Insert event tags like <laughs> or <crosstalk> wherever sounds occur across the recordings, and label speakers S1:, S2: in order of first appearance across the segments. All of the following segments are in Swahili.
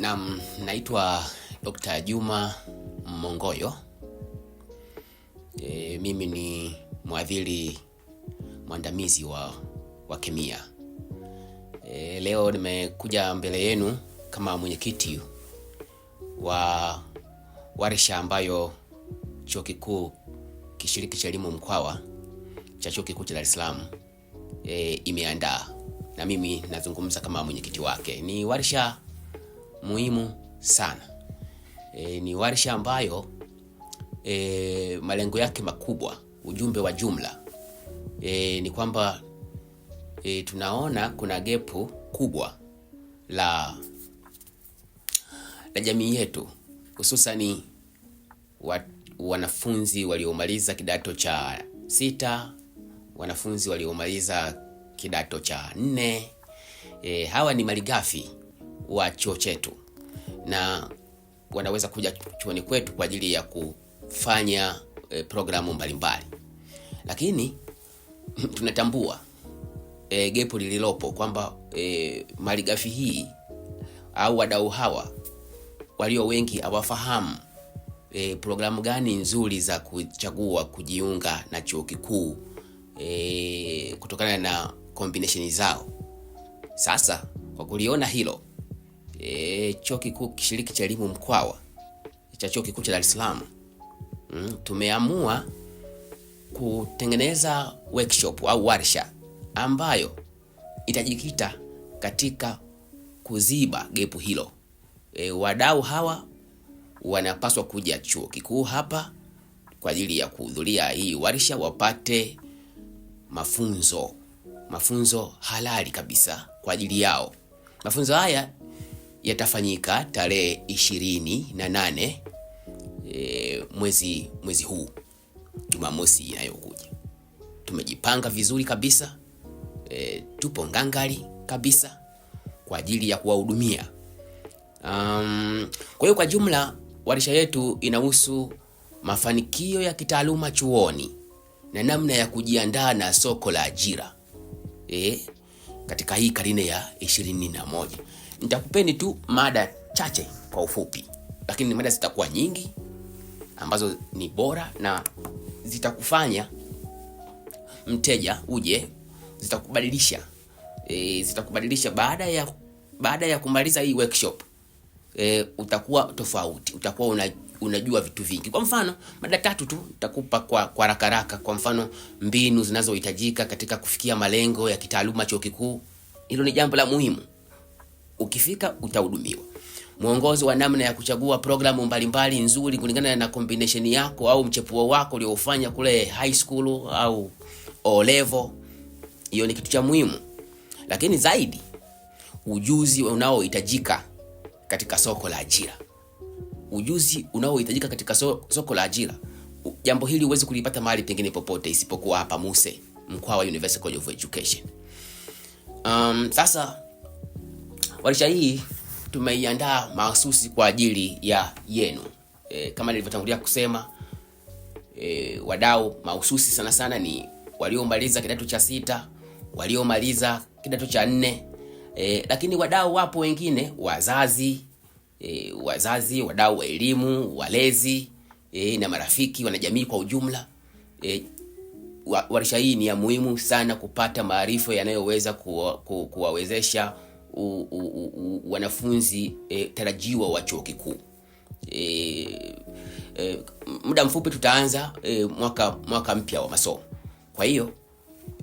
S1: Naam, naitwa Dr. Juma Mongoyo. E, mimi ni mwadhiri mwandamizi wa, wa kemia. E, leo nimekuja mbele yenu kama mwenyekiti wa warsha ambayo Chuo Kikuu Kishiriki cha Elimu Mkwawa cha Chuo Kikuu cha daressalam e, imeandaa na mimi nazungumza kama mwenyekiti wake. Ni warsha muhimu sana. E, ni warsha ambayo e, malengo yake makubwa, ujumbe wa jumla e, ni kwamba e, tunaona kuna gepu kubwa la, la jamii yetu hususani wa, wanafunzi waliomaliza kidato cha sita, wanafunzi waliomaliza kidato cha nne. E, hawa ni maligafi wa chuo chetu na wanaweza kuja chuoni kwetu kwa ajili ya kufanya e, programu mbalimbali, lakini <laughs> tunatambua e, gepu lililopo kwamba e, eh, maligafi hii au wadau hawa walio wengi hawafahamu e, programu gani nzuri za kuchagua kujiunga na chuo kikuu e, kutokana na combination zao. Sasa kwa kuliona hilo e, chuo kikuu kishiriki cha elimu Mkwawa cha chuo kikuu cha Dar es Salaam mm, tumeamua kutengeneza workshop au warsha ambayo itajikita katika kuziba gepu hilo. E, wadau hawa wanapaswa kuja chuo kikuu hapa kwa ajili ya kuhudhuria hii warsha, wapate mafunzo mafunzo halali kabisa kwa ajili yao. Mafunzo haya yatafanyika tarehe ishirini na nane e, mwezi, mwezi huu Jumamosi inayokuja. Tumejipanga vizuri kabisa e, tupo ngangari kabisa kwa ajili ya kuwahudumia. Um, kwa hiyo kwa jumla warsha yetu inahusu mafanikio ya kitaaluma chuoni na namna ya kujiandaa na soko la ajira e, katika hii karine ya ishirini na moja nitakupeni tu mada chache kwa ufupi, lakini mada zitakuwa nyingi ambazo ni bora na zitakufanya mteja uje, zitakubadilisha e, zitakubadilisha baada ya baada ya kumaliza hii workshop e, utakuwa tofauti, utakuwa una, unajua vitu vingi. Kwa mfano mada tatu tu nitakupa kwa kwa rakaraka Kwa mfano mbinu zinazohitajika katika kufikia malengo ya kitaaluma chuo kikuu. Hilo ni jambo la muhimu. Ukifika utahudumiwa. Mwongozo wa namna ya kuchagua programu mbalimbali nzuri kulingana na combination yako au mchepuo wako uliofanya kule high school au O level. Hiyo ni kitu cha muhimu, lakini zaidi ujuzi unaohitajika katika soko la ajira, ujuzi unaohitajika katika so, soko la ajira. Jambo hili huwezi kulipata mahali pengine popote isipokuwa hapa Muse, Mkwawa University College of Education. Um, sasa Warsha hii tumeiandaa mahususi kwa ajili ya yenu. E, kama nilivyotangulia kusema e, wadau mahususi sana sana ni waliomaliza kidato cha sita, waliomaliza kidato cha nne e, lakini wadau wapo wengine wazazi e, wazazi, wadau wa elimu, walezi e, na marafiki, wanajamii kwa ujumla e, warsha hii ni ya muhimu sana kupata maarifa yanayoweza kuwawezesha kuwa wanafunzi e, tarajiwa wa chuo kikuu e, e, muda mfupi tutaanza e, mwaka, mwaka mpya wa masomo. Kwa hiyo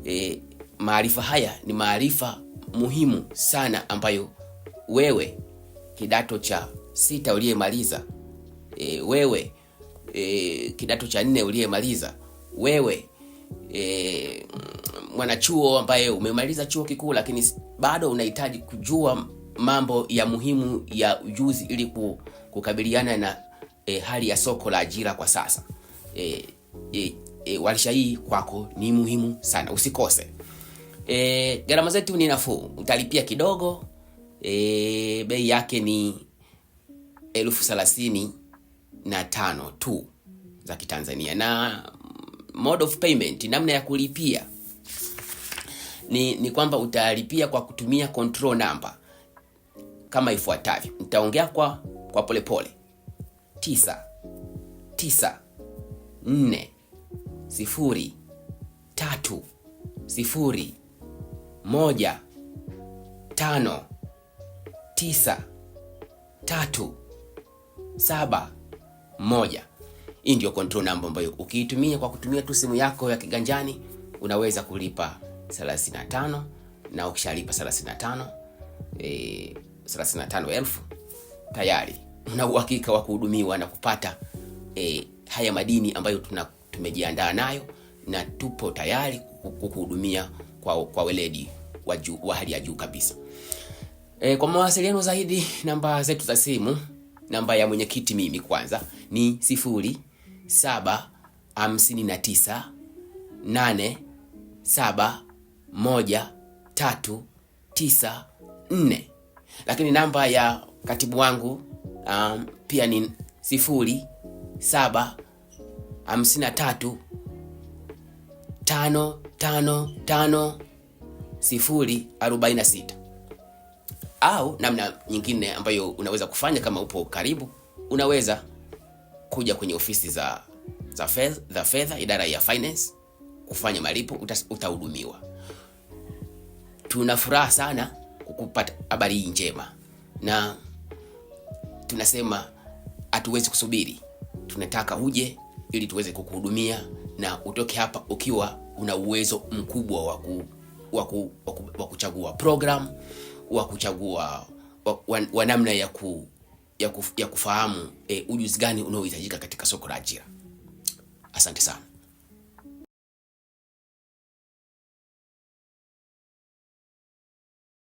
S1: e, maarifa haya ni maarifa muhimu sana ambayo wewe kidato cha sita uliyemaliza e, wewe e, kidato cha nne uliyemaliza wewe e, mwanachuo ambaye umemaliza chuo kikuu lakini bado unahitaji kujua mambo ya muhimu ya ujuzi ili kukabiliana na e, hali ya soko la ajira kwa sasa. E, eh, e, eh, e, warsha hii kwako ni muhimu sana, usikose. E, gharama zetu ni nafuu, utalipia kidogo. E, bei yake ni elfu thelathini na tano tu za Kitanzania, na mode of payment, namna ya kulipia ni, ni kwamba utalipia kwa kutumia control number kama ifuatavyo. Nitaongea kwa kwa polepole: tisa saba moja. Hii ndio control number ambayo ukiitumia kwa kutumia tu simu yako ya kiganjani unaweza kulipa 35 na ukishalipa 35 e, 35,000 tayari una uhakika wa kuhudumiwa na kupata e, haya madini ambayo tuna, tumejiandaa nayo na tupo tayari kukuhudumia kwa, kwa weledi wa, juu, wa hali ya juu kabisa. E, kwa mawasiliano zaidi namba zetu za simu, namba ya mwenyekiti mimi kwanza ni sifuri moja tatu tisa nne, lakini namba ya katibu wangu um, pia ni sifuri saba hamsini na tatu tano tano tano sifuri arobaini na sita. Au namna nyingine ambayo unaweza kufanya kama upo karibu, unaweza kuja kwenye ofisi za za fedha, idara ya finance kufanya malipo, utahudumiwa. Tuna furaha sana kukupata habari hii njema, na tunasema hatuwezi kusubiri, tunataka uje ili tuweze kukuhudumia na utoke hapa ukiwa una uwezo mkubwa wa waku, waku, waku, kuchagua program wa kuchagua wa namna ya, ku, ya, kuf, ya kufahamu e, ujuzi gani unaohitajika katika soko la ajira. Asante sana.